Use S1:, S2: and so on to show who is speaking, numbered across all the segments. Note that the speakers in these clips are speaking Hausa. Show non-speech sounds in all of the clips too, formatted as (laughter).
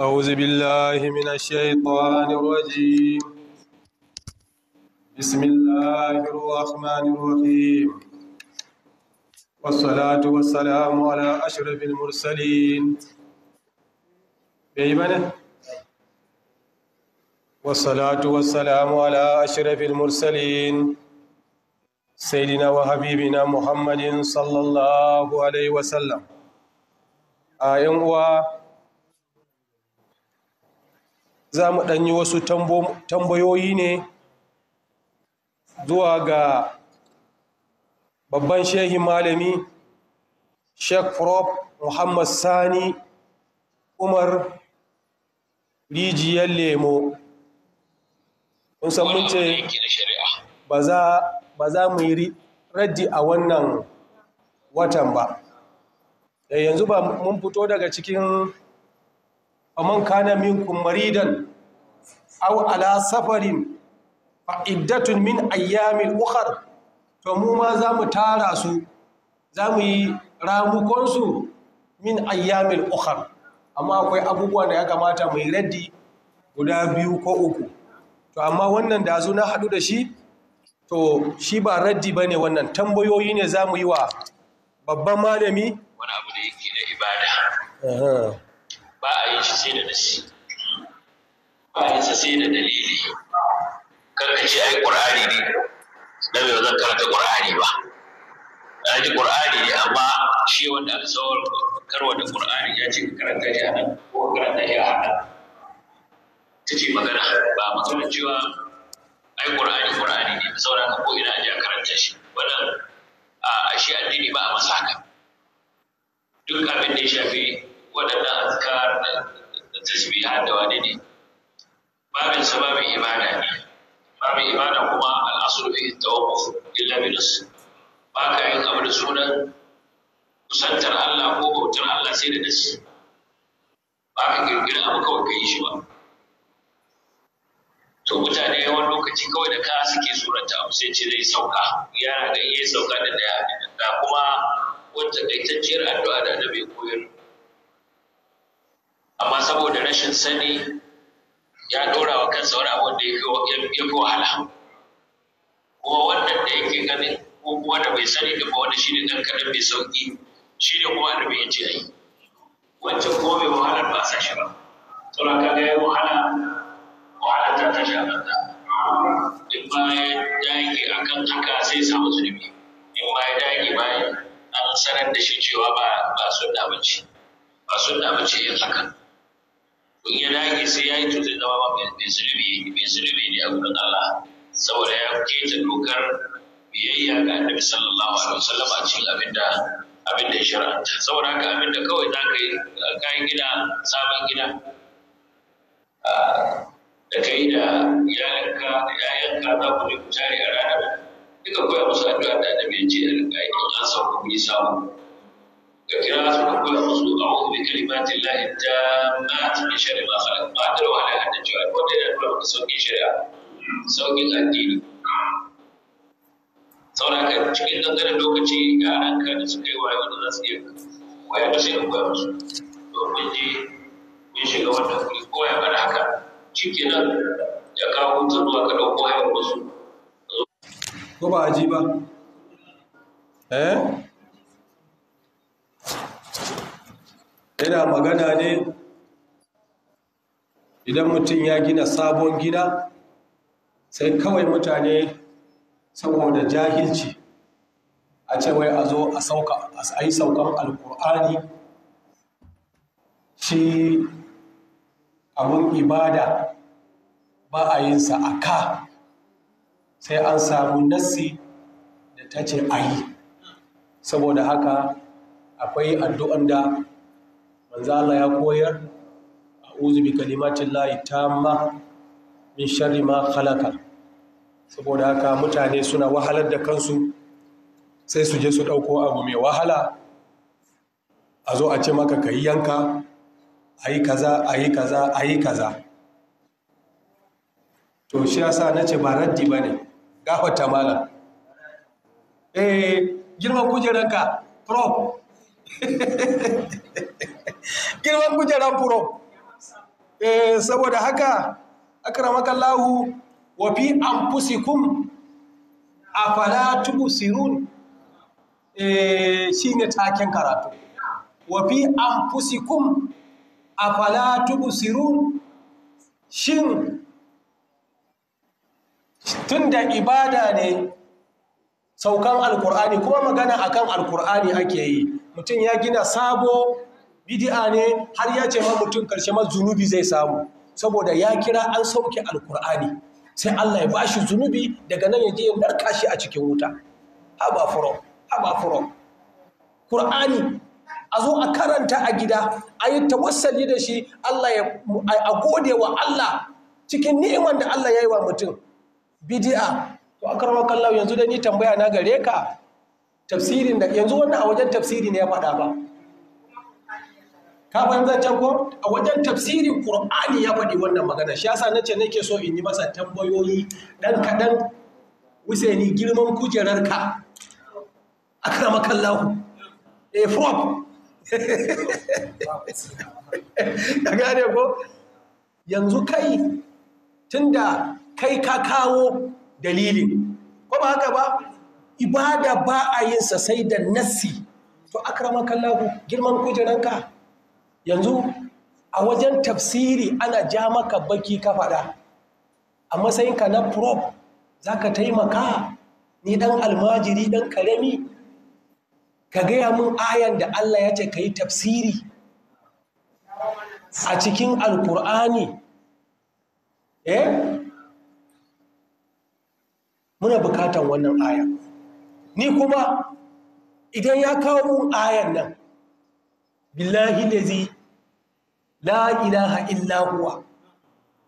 S1: أعوذ بالله من الشيطان الرجيم بسم الله الرحمن الرحيم والصلاة والسلام على أشرف المرسلين بيمنة والصلاة والسلام على أشرف المرسلين سيدنا وحبيبنا محمد صلى الله عليه وسلم آيان za mu ɗanyi wasu tambayoyi ne zuwa ga babban shehi malami sheikh prof muhammad sani umar rijiyar lemo kun san mun ce ba za mu yi raddi a wannan watan ba eh, yanzu ba mun fito daga cikin faman kana minkum maridan aw ala safarin fa iddatun min ayyamin ukhar to mu ma za mu tara su za mu yi ramukonsu min ayyamin ukhar amma akwai abubuwan da ya kamata mu yi raddi guda biyu ko uku to amma wannan da na haɗu da shi to shi ba raddi ba ne wannan tambayoyi ne za mu yi wa babban malami
S2: wani abu da yake na ibada ba a yi shi sai da nasi ba a yi sa sai da dalili karka ce ai qur'ani ne
S1: dan ba zan karanta qur'ani ba
S2: na ji qur'ani ne amma shi wanda aka sauwar karwa da qur'ani ya ce karanta shi a nan ko karanta shi a nan ta magana ba magana cewa ai qur'ani qur'ani ne saboda ka ko ina ja karanta shi wannan a shi addini ba a masa haka duk abin da ya shafi waɗannan azkar da tasbiha da wani ne babin sa babin ibada ne babin ibada kuma al'asulu fi tawakkuf illa bi nas ba ka yin abu da sunan kusantar Allah ko bautar Allah sai da nas ba ka girgira abu kawai ka yi shi ba to mutane yawan lokaci kawai da ka suke suranta abu sai ce zai sauka yana da iya sauka da daya da kuma wata kaitacciyar addu'a da annabi koyar amma saboda rashin sani ya ɗora wa kansa wani abu da ya fi wahala kuma wannan da yake ganin ko kuma da bai sani da ba wanda shi ne ɗan kaɗan mai sauƙi shi ne kuma da bai ce ai wancan kuma bai wahalar ba sa shi ba sauran ka ga ya wahala wahala ta ta sha banza in ba ya dage kan haka sai samu zunubi in ba ya dage bayan an sanar da shi cewa ba sun sunna ba sunna bace yin hakan
S1: ya dage sai
S2: ya yi to zai zama mai zurbi mai zurbi ne a gudun Allah saboda ya keta dokar biyayya ga annabi sallallahu alaihi wasallam a cikin abinda abinda ya shar'anta saboda haka abinda kawai za ka yi kayan gida sabon gida da kai da iyalanka da yayanka za ku je ku tare a ranar duka koya musu addu'a da annabi ya ce a riƙa in an sauko ku yi sabon كقراءة فقل أعوذ بكلمات الله التامات من شر ما خلق ما أدروا على أن الجوال وبين أنواع سوقي شريعة سوقي الدين sauraka cikin dangane lokaci yaranka da suka yi waye wanda za su iya koya da sai a koya musu domin je mun shiga wannan wuri koya mana haka ciki nan ya kawo ta zuwa ka ɗauko haihuwar wasu.
S1: Ko ba a ji ba? Eh? yana magana ne idan mutum ya gina sabon gida sai kawai mutane saboda jahilci a ce wai a zo a sauka a yi saukan alkur'ani shi abun ibada ba a yin sa a sai an samu nassi da ta ce a yi saboda haka akwai addu'an da manzo Allah ya koyar a'udhu bi kalimati layi tamma min sharri ma khalaqa saboda haka mutane suna wahalar da kansu sai su je su dauko abu mai wahala a zo a ce maka ka yi yanka a yi kaza a yi kaza a yi kaza to shi yasa na ce ba raddi ba ne gafata malam eh girman kujeranka prof. (laughs) girman na furo eh, saboda haka akramakallahu wa fi anfusikum afala tubsirun eh shine taken karatu wa fi anfusikum afala tubsirun shin tunda ibada ne saukan alkur'ani kuma magana akan alkur'ani ake yi mutum ya gina sabo bid'a ne har ya ce ma mutum karshe ma zunubi zai samu saboda ya kira an sauke alkur'ani sai Allah ya bashi zunubi daga nan ya je ya narka shi a cikin wuta haba furo haba furo qur'ani a zo a karanta a gida a yi tawassali da shi Allah ya a gode wa Allah cikin ni'imar da Allah ya yi wa mutum bid'a to akarwa kallahu yanzu da ni tambaya na gare ka tafsirin da yanzu wannan a wajen tafsiri ne ya faɗa ba ka fahimta can ko a wajen tafsirin qur'ani ya faɗi wannan magana shi yasa nace nake so in yi masa tambayoyi dan kaɗan wuseni girman kujerarka akramakallahu eh from (laughs) ka gane ko yanzu kai tunda kai ka kawo dalilin ko ba haka ba ibada ba a yin sa sai da nassi to akramakallahu girman kujeranka yanzu a wajen tafsiri ana ja maka baki ka faɗa a matsayinka na prop za ka taimaka ni ɗan almajiri ɗan ƙarami ka gaya mun ayan da Allah ya ce ka yi tafsiri a cikin alkur'ani eh muna bukatan wannan aya ni kuma idan ya kawo mun ayan nan billahi lazi la ilaha illa huwa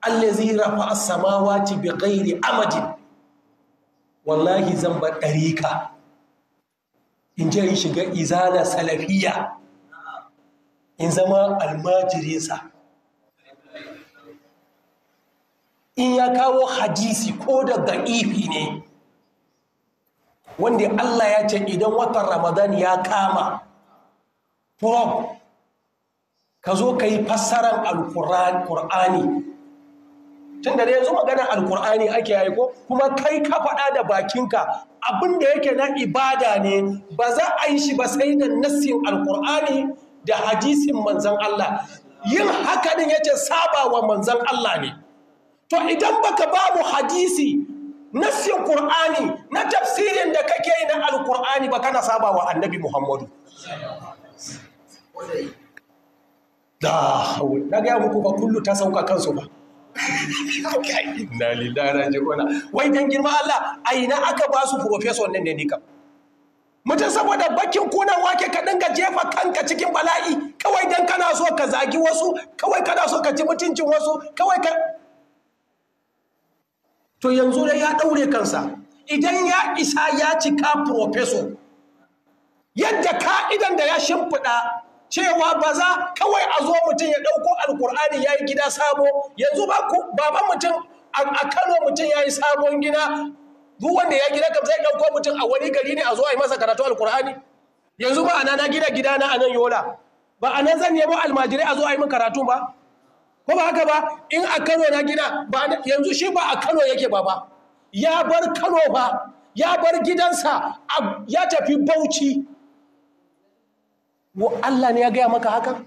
S1: allazi rafa as-samawati bighairi amadin wallahi zan bar in je in shiga izana salafiya in zama almajirinsa in ya kawo hadisi ko da ga'ifi ne wanda Allah ya ce idan watan ramadan ya kama prof ka zo ka yi fassarar alkur'ani tun da yanzu magana alkur'ani ake yi kuma kai ka faɗa da bakinka abin da yake na ibada ne ba za a yi shi ba sai da nassin alkur'ani da hadisin manzan Allah yin hakanin ya yace saba wa manzan Allah ne to idan baka ba mu hadisi nassin ƙur'ani, na tafsirin da kake yi na alkur'ani ba kana saba wa annabi Muhammadu da na ga muku ba kullu ta sauka kansu ba (laughs) wai dan girma Allah a ina aka ba su professor nan ne ni kam mutum saboda bakin kunan wake ka dinga jefa kanka cikin bala'i kawai dan kana so ka zagi wasu kawai kana so ka ci mutuncin wasu kawai ka to yanzu da ya daure kansa idan ya isa ya cika professor yadda ka'idan da ya shimfiɗa cewa ba za kawai a zo mutum ya ɗauko alkur'ani ya yi gida sabo yanzu baban mutum a kano mutum ya yi sabon gida duk wanda ya gida kam zai ɗauko mutum a wani gari ne a zo a yi masa karatu alkur'ani yanzu ba ana na gina gida na a nan yola ba a nan zan nemo almajirai a zo a yi min karatu ba ko ba haka ba in a kano na gina yanzu shi ba a kano yake ba ba ya bar kano ba ya bar gidansa ya tafi bauchi Wa Allah ne ya gaya maka haka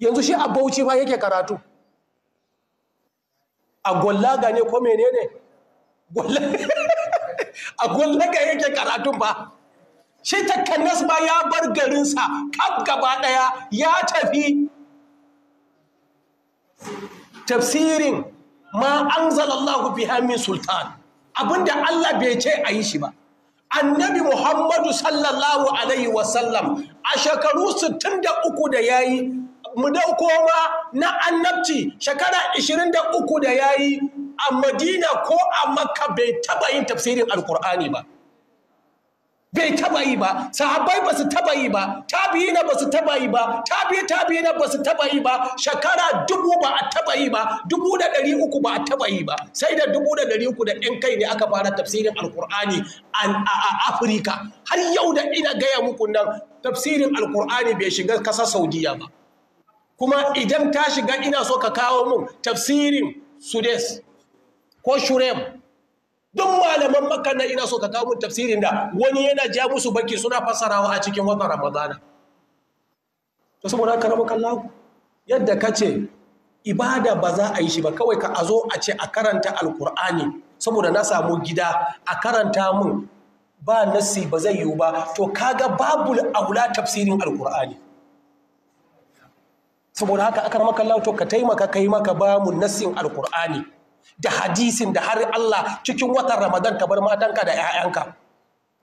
S1: yanzu shi a bauchi ba yake karatu a gwallaga ne ko ne? (laughs) a gwallaga yake karatu ba shi takkannas ba ya bar garinsa kaf gaba daya ya tafi tafsirin ma an zalallahu bihamin sultan da Allah bai ce a yi shi ba annabi muhammadu sallallahu alaihi wasallam a shekaru 63 da ya yi mu dauko ma na annabci shekara 23 da ya yi a madina ko a makka bai taba yin tafsirin alkur'ani ba bai taba yi ba sahabbai ba su taba yi ba na ba su taba yi ba tabi'i na ba su taba yi ba shekara dubu ba a taba yi ba dubu da ɗari uku ba a taba yi ba sai da dubu da ɗari uku da ɗin kai ne aka fara tafsirin alkur'ani a afirka har yau da ina gaya muku nan tafsirin alkur'ani bai shiga ƙasar saudiya ba kuma idan ta shiga ina so ka kawo mun tafsirin sudes ko shurem duk malaman makka na ina so ka kawo mun tafsirin da wani yana ja musu baki suna fassarawa a cikin wata ramadana to saboda haka rabu kallahu yadda ka ce ibada ba za a yi shi ba kawai ka a zo a ce a karanta alkur'ani saboda na samu gida a karanta mun ba nassi ba zai yiwu ba to kaga babu aula tafsirin alkur'ani saboda haka aka rama kallon to ka taimaka ka yi maka bamu mu nassin alkur'ani da hadisin da har Allah cikin watan Ramadan ka bar matanka da 'ya'yanka.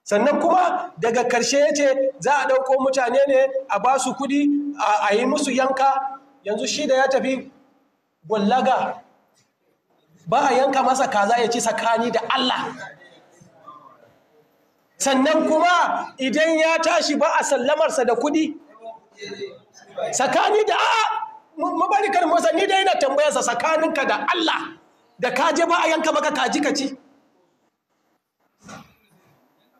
S1: Sannan kuma daga karshe ya ce za a ɗauko mutane ne a ba su kuɗi a yi musu yanka yanzu shi da ya tafi gwallaga ba a yanka masa kaza ya ci sakani da Allah. Sannan kuma idan ya tashi ba a sallamarsa da kuɗi. Sakani da a'a mabarikar masa ni dai na tambayarsa tsakaninka da Allah. da ka je ba a yanka maka kaji ka ci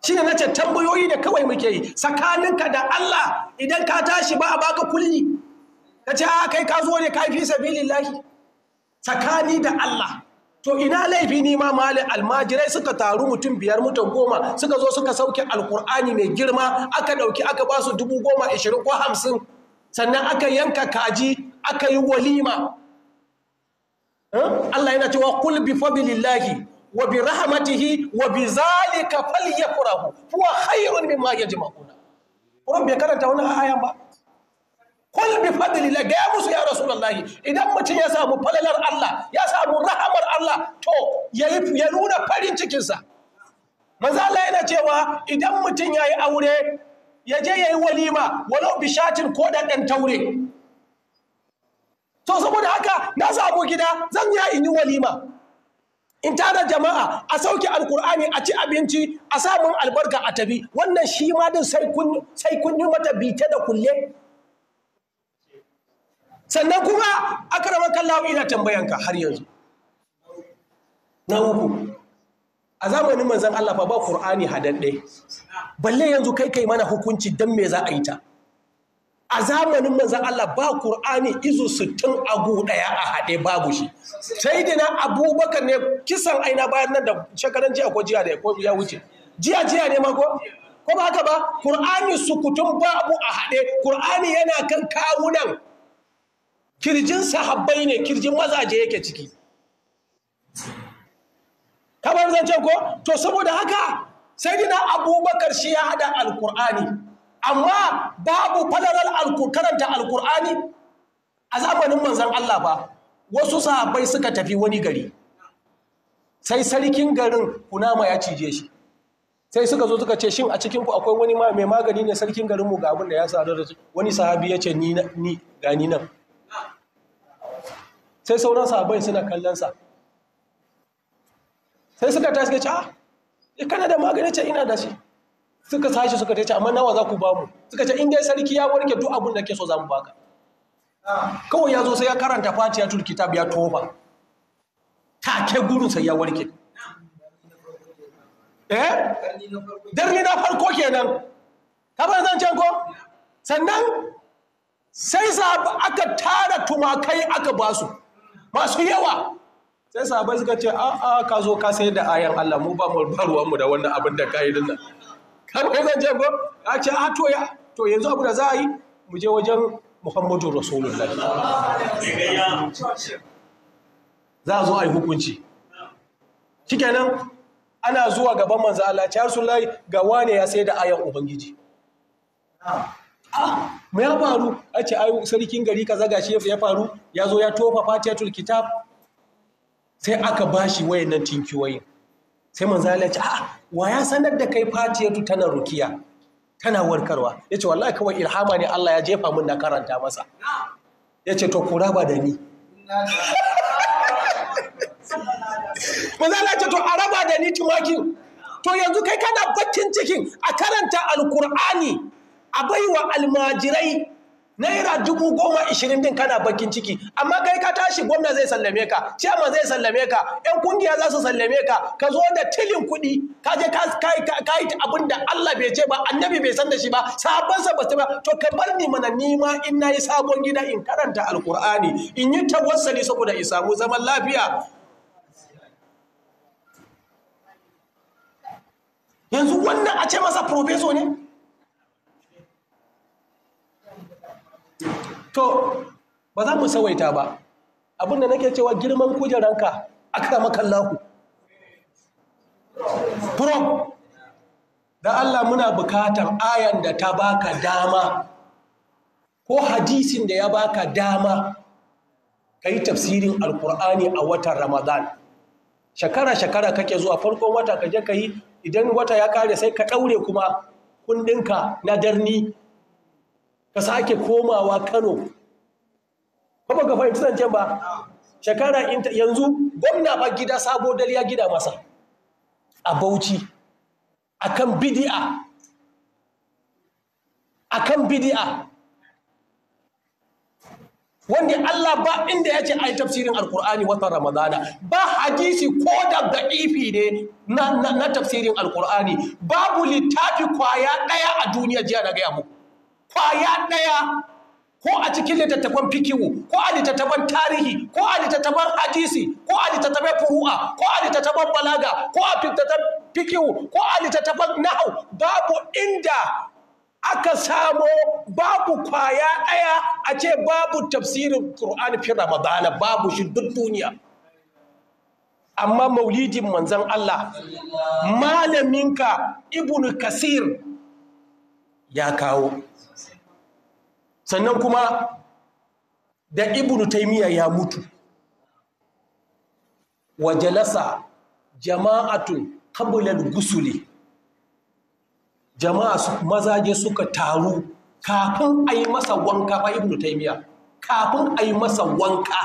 S1: Shi na ce tambayoyi da kawai muke yi tsakaninka da Allah idan ka tashi ba a baka kulli ka ce a kai ka zo ne ka fi lillahi tsakani da Allah to ina laifi ni ma mali almajirai suka taru mutum biyar mutum goma suka zo suka sauke alkur'ani mai girma aka dauki aka ba su dubu goma ishirin ko hamsin sannan aka yanka kaji aka yi walima Allah yana cewa kul bi fadlillahi wa bi rahmatihi wa bi zalika falyafrahu huwa khairun mimma yajma'una Qur'an bai karanta wannan ayan ba kul bi fadlillah ga musu ya rasulullahi idan mutum ya samu falalar Allah ya samu rahamar Allah to ya nuna farin cikinsa manzo Allah yana cewa idan mutum yayi aure ya je yayi walima walau bishatin ko da dan taure to saboda haka na samu gida zan ya in yi walima in tara jama'a a sauke alkur'ani a ci abinci a samun albarka a tafi wannan shi ma din sai kun yi mata bite da kulle sannan kuma a karamar kallawa ina tambayanka har yanzu na uku a zamanin manzan Allah ba kur'ani hadadde balle yanzu kai kai mana hukunci don me za a yi ta a zamanin manzan Allah ba Kur'ani izu sittin agu ɗaya a haɗe babu shi sai da abubakar ne kisan aina bayan nan da shekaran jiya ko jiya da ko ya wuce jiya jiya ne ma ko ba haka ba Kur'ani sukutun babu a haɗe Kur'ani yana kan kawunan kirjin sahabbai ne kirjin mazaje yake ciki kamar ce ko to saboda haka sai dina abubakar shi ya haɗa alkur'ani amma babu falalar karanta alkur'ani a zamanin manzan Allah ba wasu sahabbai suka tafi wani gari sai sarkin garin kunama ya cije shi sai suka zo suka ce shin a cikinku akwai wani mai magani ne sarkin garinmu ga abin da ya sadu da wani sahabi ya ce ni gani nan sai sauran sahabbai suna kallonsa sai suka tashi ce ah kana da magani ce ina da shi suka sashi suka tace amma nawa za ku ba mu suka ce in dai sarki ya warke duk abun da ke so za mu baka kawai ya zo sai ya karanta fatiya tur kitab ya toba take gurin sai ya warke eh darni na farko kenan ka ba zan can ko sannan sai sahabu aka tara tumakai aka basu masu yawa sai sahabai suka ce a ka zo ka sayar da ayan Allah mu ba mu barwa mu da wannan abin da kai dinnan kamar zan je go, ya ce a ah, to ya to yanzu abu da za a yi mu je wajen muhammadu rasulullah za a zo a yi hukunci shikenan ana zuwa gaban manzo Allah ce rasulullah ga wane ya sai da ayan ubangiji ah, mu ya faru a ce ai sarkin gari kaza gashi ya faru ya zo ya tofa fatiyatul kitab sai aka bashi wayannan tinkiyoyin sai manzo Allah ya ce a'a wa ya sanar da kai tu tana rukiya tana warkarwa yace wallahi kawai ilhama ne Allah ya jefa mun na karanta masa yace to kura ba da ni manzo Allah ya ce to araba da ni tumakin to yanzu kai kana bakin cikin a karanta alqur'ani a baiwa almajirai naira dubu goma ishirin din kana bakin ciki amma kai ka tashi gwamna zai sallame ka ciyaman zai sallame ka yan kungiya za su sallame ka ka zo da tilin kuɗi ka je ka yi abin da Allah bai ce ba annabi bai san da shi ba sabon sa ba to ka bar ni mana ni ma in nayi sabon gida in karanta alkur'ani in yi tawassali saboda in samu zaman lafiya yanzu wannan a ce masa professor ne to ba za mu sawaita ba abinda nake cewa girman kujeranka aka makallahu prom da Allah muna bukatar ayan da ta baka dama ko hadisin da ya baka dama ka yi tafsirin alkur'ani a watan ramadan shakara-shakara kake zuwa farkon wata ka je ka yi idan wata ya kare sai ka ɗaure kuma kundinka na darni ka sake komawa kano ba ka fahimci zancen ba shekara yanzu gwamna ba gida sabo ya gida masa a bauchi akan bidi'a akan bidi'a wanda Allah ba inda ya ce a yi tafsirin alkur'ani watan ramadana ba hadisi ko da gaifi ne na, tafsirin alkur'ani babu littafi kwaya ɗaya a duniya jiya na gaya muku kwaya ɗaya ko a cikin littattafan fikihu ko a littattafan tarihi ko a littattafan hadisi ko a littattafan furu'a ko a littattafan balaga ko a littattafan fikihu ko a littattafan nahu. babu inda aka samo babu kwaya ɗaya a ce babu tafsirin Qur'an fi Ramadana babu shi duk duniya amma maulidin manzon Allah malaminka Ibn Kasir ya kawo sannan kuma da ibnu taimiyya ya mutu wa jalasa jama'atun kabular gusuli jama'a su mazaje suka taru kafin a yi masa wanka fa ibnu Taimiyya, kafin a yi masa wanka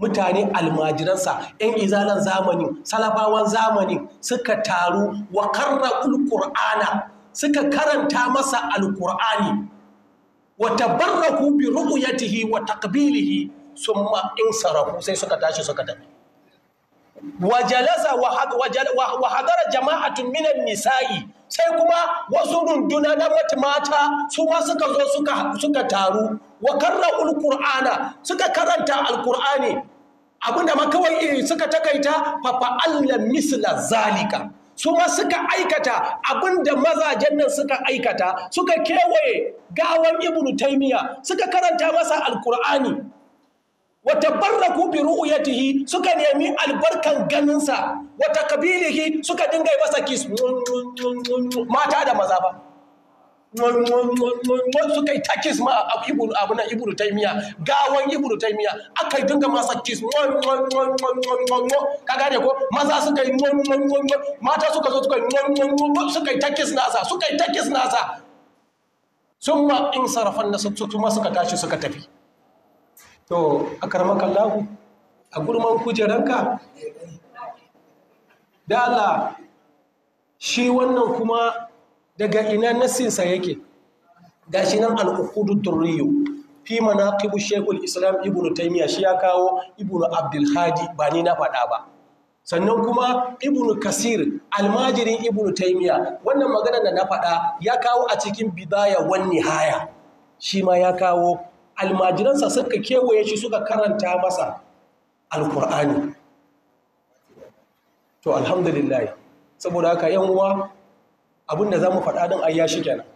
S1: mutane almajiransa 'yan izalan zamani, salafawan zamani suka taru wa karra ulkur'ana suka karanta masa alkur'ani wa tabarraku bi ru'yatihi wa taqbilihi summa insarafu sai suka tashi suka tafi wa jalasa wa hadara jama'atun minan nisa'i sai kuma wasu runduna na mata su ma suka zo suka taru wa karra'u alqur'ana suka karanta alkur'ani abinda ma kawai suka takaita fa fa'alla misla zalika su ma suka aikata abin da mazajen nan suka aikata suka kewaye gawan ibnu taimiya suka karanta masa alkur'ani wata barraku bi ru'yatihi suka nemi albarkan ganinsa wata kabilihi suka dinga masa kis mata da maza ba suka yi ta kiss ma a abu na ibnu taymiya gawan ibu taimiya aka yi dinga masa kiss ka gane ko maza suka yi mata suka zo suka yi suka yi ta kiss nasa suka yi ta kiss nasa ma in sarafan na kuma suka tashi suka tafi to a akarmaka lahu a gurman kujeranka da Allah shi wannan kuma daga ina nassinsa yake
S2: gashi nan al'ukudu
S1: turriyu fi manaqibu shaykhul islam ibnu taymiya shi ya kawo ibnu Abdulhadi ba ni na faɗa ba sannan kuma ibnu kasir almajirin ibnu taymiya wannan magana da na faɗa ya kawo a cikin bidaya wan haya, shi ma ya kawo almajiransa suka kewaye shi suka karanta masa alkur'ani to alhamdulillah saboda haka yan uwa abin da za mu faɗa ɗin ai shi kenan